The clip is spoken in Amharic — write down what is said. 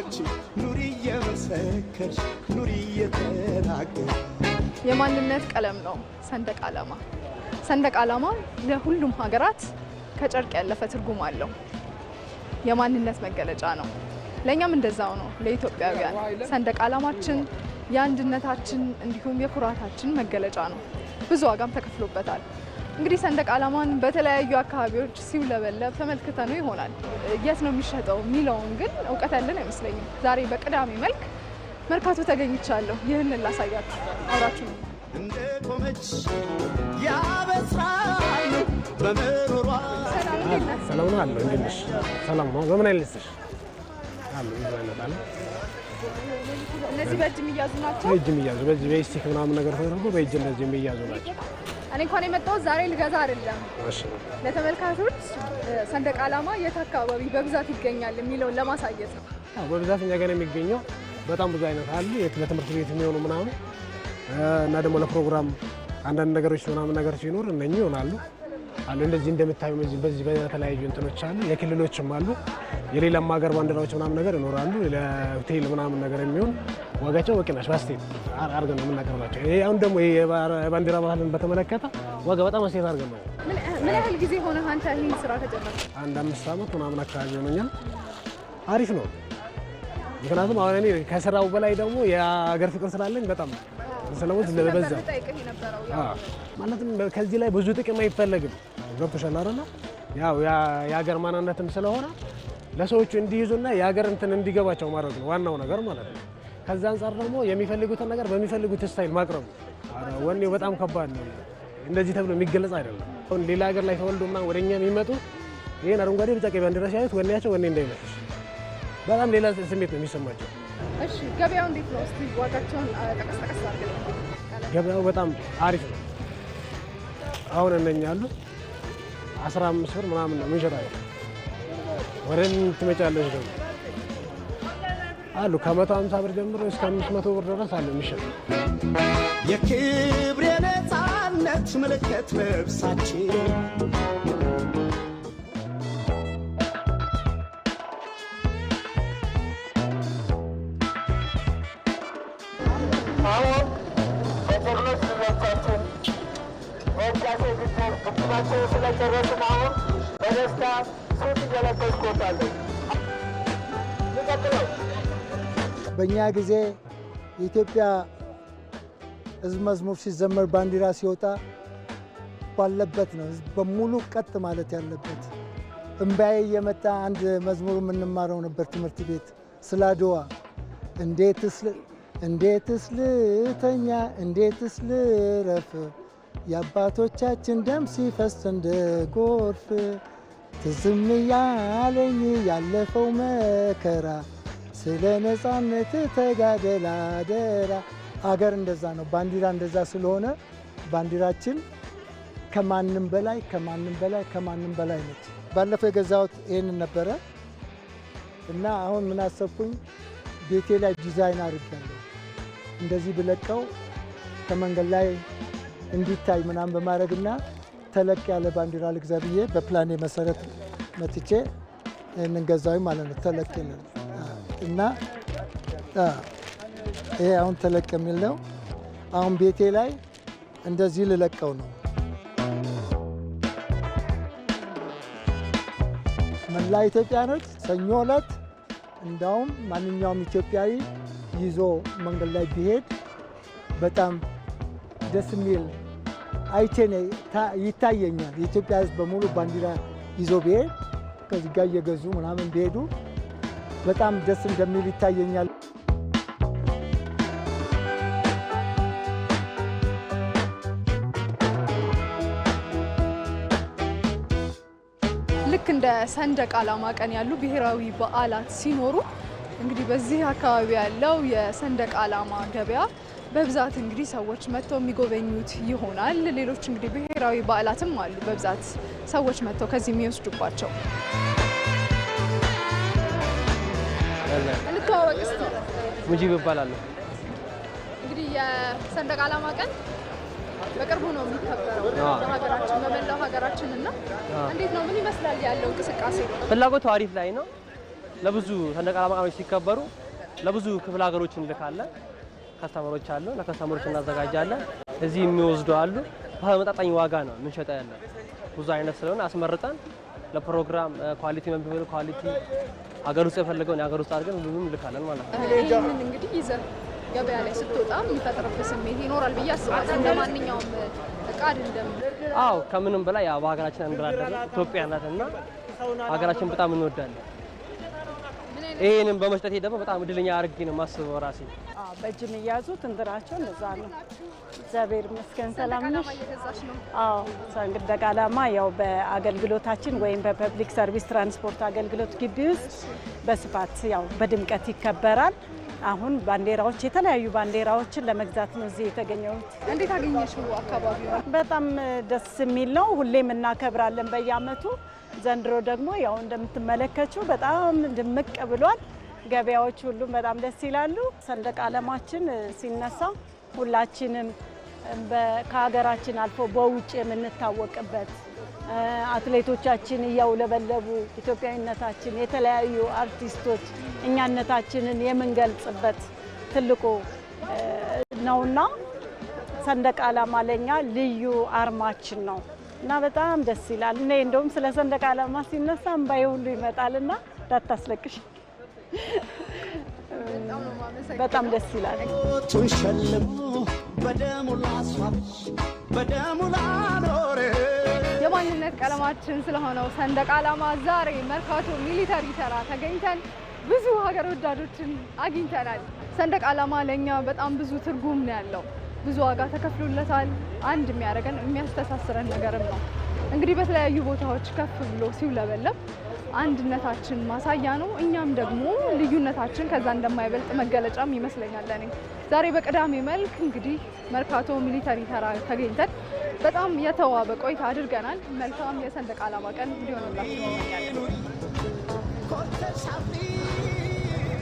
አንቺ ኑሪ እየመሰከርሽ ኑሪ እየተናገር የማንነት ቀለም ነው ሰንደቅ ዓላማ። ሰንደቅ ዓላማ ለሁሉም ሀገራት ከጨርቅ ያለፈ ትርጉም አለው። የማንነት መገለጫ ነው። ለእኛም እንደዛው ነው። ለኢትዮጵያውያን ሰንደቅ ዓላማችን የአንድነታችን እንዲሁም የኩራታችን መገለጫ ነው። ብዙ ዋጋም ተከፍሎበታል። እንግዲህ ሰንደቅ ዓላማን በተለያዩ አካባቢዎች ሲውለበለብ ነው ይሆናል። የት ነው የሚሸጠው የሚለውን ግን እውቀት ያለን አይመስለኝም። ዛሬ በቅዳሜ መልክ መርካቶ ተገኝቻለሁ። ይህንን ላሳያችሁ፣ አብራችሁ እንደ ቆመች ያበስራል በምሮሯ ሰላም ነው አለ እንግዲህ ሰላም ነው። በምን አይልስሽ አሉ ይዘነታል። እነዚህ በእጅ የሚያዙ ናቸው። በእጅ የሚያዙ በዚህ በስቲክ ምናምን ነገር ተደርጎ በእጅ እንደዚህ የሚያዙ ናቸው። እኔ እንኳን የመጣሁት ዛሬ ልገዛ አይደለም፣ ለተመልካቾች ሰንደቅ ዓላማ የት አካባቢ በብዛት ይገኛል የሚለውን ለማሳየት ነው። በብዛት እኛ ጋር የሚገኘው በጣም ብዙ አይነት አሉ። ለትምህርት ቤት የሚሆኑ ምናምን እና ደግሞ ለፕሮግራም አንዳንድ ነገሮች ምናምን ነገር ሲኖር እነኚህ ይሆናሉ። አሉ። እንደዚህ እንደምታዩ በዚህ በተለያዩ እንትኖች አሉ፣ የክልሎችም አሉ፣ የሌላም ሀገር ባንዲራዎች ምናምን ነገር ይኖራሉ። ለሆቴል ምናምን ነገር የሚሆን ዋጋቸው በቂ ናቸው። አስቴት አድርገን ነው የምናቀርባቸው። ይሄ አሁን ደግሞ የባንዲራ ባህልን በተመለከተ ዋጋ በጣም አስቴት አድርገን ነው። ምን ያህል ጊዜ ሆነ አንተ ይህን ስራ ከጀመርክ? አንድ አምስት ዓመት ምናምን አካባቢ ሆኖኛል። አሪፍ ነው። ምክንያቱም አሁን እኔ ከስራው በላይ ደግሞ የሀገር ፍቅር ስላለኝ በጣም ስለሞት ስለበዛ ማለትም ከዚህ ላይ ብዙ ጥቅም አይፈለግም። ገብቶሻል አይደለ? ያው የሀገር ማንነትም ስለሆነ ለሰዎቹ እንዲይዙና የሀገር እንትን እንዲገባቸው ማድረግ ነው ዋናው ነገር ማለት ነው። ከዛ አንጻር ደግሞ የሚፈልጉትን ነገር በሚፈልጉት ስታይል ማቅረብ ወኔው በጣም ከባድ ነው። እንደዚህ ተብሎ የሚገለጽ አይደለም። አሁን ሌላ ሀገር ላይ ተወልዶ ምናምን ወደኛ የሚመጡ ይህን አረንጓዴ ቢጫ ቀይ ባንዲራ ሲያዩት ወኔያቸው ወኔ እንዳይመጡሽ በጣም ሌላ ስሜት ነው የሚሰማቸው። እሺ ገበያው እንዴት ነው? እስቲ ዋጋቸውን ጠቀስ ጠቀስ አድርገን። ገበያው በጣም አሪፍ ነው። አሁን እነኛ አሉ አስራ አምስት ብር ምናምን ነው ምንሸጣ ወደ ትመጫለች ደግሞ አሉ ከመቶ ሀምሳ ብር ጀምሮ እስከ አምስት መቶ ብር ድረስ አለ የሚሸጥ የክብር የነፃነት ምልክት ልብሳችን አስባቸው ስለጨረሱም አሁን በደስታ ሱት እየለበስኩ ወጣለሁ። በእኛ ጊዜ የኢትዮጵያ ህዝብ መዝሙር ሲዘመር ባንዲራ ሲወጣ ባለበት ነው ሕዝብ በሙሉ ቀጥ ማለት ያለበት። እምባዬ እየመጣ አንድ መዝሙር የምንማረው ነበር ትምህርት ቤት ስለ አድዋ እንዴትስ ልተኛ እንዴትስ ልረፍ የአባቶቻችን ደም ሲፈስ እንደ ጎርፍ ትዝም ያለኝ ያለፈው መከራ ስለ ነፃነት ተጋደል አደራ። አገር እንደዛ ነው፣ ባንዲራ እንደዛ ስለሆነ ባንዲራችን ከማንም በላይ ከማንም በላይ ከማንም በላይ ነች። ባለፈው የገዛሁት ይህን ነበረ እና አሁን ምን አሰብኩኝ ቤቴ ላይ ዲዛይን አድርጋለሁ። እንደዚህ ብለቀው ከመንገድ ላይ እንዲታይ ምናምን በማድረግና ተለቅ ያለ ባንዲራ ልግዛ ብዬ በፕላኔ መሰረት መትቼ ይህንን ገዛዊ ማለት ነው። ተለቅ የሚል እና ይሄ አሁን ተለቅ የሚል ነው። አሁን ቤቴ ላይ እንደዚህ ልለቀው ነው። መላ ኢትዮጵያኖች ሰኞ ዕለት እንዳውም ማንኛውም ኢትዮጵያዊ ይዞ መንገድ ላይ ቢሄድ በጣም ደስ የሚል አይቼ ይታየኛል። የኢትዮጵያ ሕዝብ በሙሉ ባንዲራ ይዞ ብሄድ ከዚህ ጋር እየገዙ ምናምን ቢሄዱ በጣም ደስ እንደሚል ይታየኛል። ልክ እንደ ሰንደቅ ዓላማ ቀን ያሉ ብሔራዊ በዓላት ሲኖሩ እንግዲህ በዚህ አካባቢ ያለው የሰንደቅ ዓላማ ገበያ በብዛት እንግዲህ ሰዎች መጥተው የሚጎበኙት ይሆናል። ሌሎች እንግዲህ ብሔራዊ በዓላትም አሉ በብዛት ሰዎች መጥተው ከዚህ የሚወስዱባቸው። እንተዋወቅ እስኪ። ሙጂብ እባላለሁ። እንግዲህ የሰንደቅ ዓላማ ቀን በቅርቡ ነው የሚከበረው ሀገራችን በመላው ሀገራችን እና እንዴት ነው ምን ይመስላል ያለው እንቅስቃሴ? ፍላጎቱ አሪፍ ላይ ነው። ለብዙ ሰንደቅ ዓላማ ቀኖች ሲከበሩ ለብዙ ክፍለ ሀገሮች እንልካለን። ከስተመሮች አሉ። ለከስተመሮች እናዘጋጃለን። እዚህ የሚወስዱ አሉ። በመጣጣኝ ዋጋ ነው የምንሸጠው ያለ ብዙ አይነት ስለሆነ አስመርጠን ለፕሮግራም ኳሊቲ መምቢሆን ኳሊቲ ሀገር ውስጥ የፈለገውን የሀገር ውስጥ አድርገን ሁሉንም ልካለን ማለት ነው። ይህንን እንግዲህ ይዘህ ገበያ ላይ ስትወጣ የሚፈጥርብህ ስሜት ይኖራል ብዬ አስባለሁ። እንደ ማንኛውም እቃ አይደለም። አዎ ከምንም በላይ በሀገራችን እንድራደር ኢትዮጵያ ናት እና ሀገራችን በጣም እንወዳለን። ይሄንን በመስጠት ደግሞ በጣም እድለኛ አድርጌ ነው የማስበው ራሴ። በእጅ የሚያዙ ትንትራቸው እንደዛ ነው። እግዚአብሔር ይመስገን። ሰላም ነሽ? አዎ። ሰንደቅ ዓላማ ያው በአገልግሎታችን ወይም በፐብሊክ ሰርቪስ ትራንስፖርት አገልግሎት ግቢ ውስጥ በስፋት ያው በድምቀት ይከበራል። አሁን ባንዲራዎች የተለያዩ ባንዲራዎችን ለመግዛት ነው እዚህ የተገኘሁት። እንዴት አገኘሽ አካባቢ? በጣም ደስ የሚል ነው። ሁሌም እናከብራለን በየአመቱ። ዘንድሮ ደግሞ ያው እንደምትመለከችው በጣም ድምቅ ብሏል። ገበያዎች ሁሉም በጣም ደስ ይላሉ። ሰንደቅ ዓላማችን ሲነሳ ሁላችንም ከሀገራችን አልፎ በውጭ የምንታወቅበት አትሌቶቻችን እያውለበለቡ ኢትዮጵያዊነታችን የተለያዩ አርቲስቶች እኛነታችንን የምንገልጽበት ትልቁ ነውና ሰንደቅ ዓላማ ለኛ ልዩ አርማችን ነው እና በጣም ደስ ይላል። እኔ እንደውም ስለ ሰንደቅ ዓላማ ሲነሳ እምባዬ ሁሉ ይመጣል እና እንዳታስለቅሽ። በጣም ደስ ይላል። የማንነት ቀለማችን ስለሆነው ሰንደቅ ዓላማ ዛሬ መርካቶ ሚሊተሪ ተራ ተገኝተን ብዙ ሀገር ወዳዶችን አግኝተናል። ሰንደቅ ዓላማ ለእኛ በጣም ብዙ ትርጉም ነው ያለው። ብዙ ዋጋ ተከፍሎለታል። አንድ የሚያደርገን የሚያስተሳስረን ነገርም ነው። እንግዲህ በተለያዩ ቦታዎች ከፍ ብሎ ሲውለበለብ አንድነታችን ማሳያ ነው። እኛም ደግሞ ልዩነታችን ከዛ እንደማይበልጥ መገለጫም ይመስለኛል ለኔ። ዛሬ በቅዳሜ መልክ እንግዲህ መርካቶ ሚሊተሪ ተራ ተገኝተን በጣም የተዋበ ቆይታ አድርገናል። መልካም የሰንደቅ ዓላማ ቀን እንዲሆንላችሁ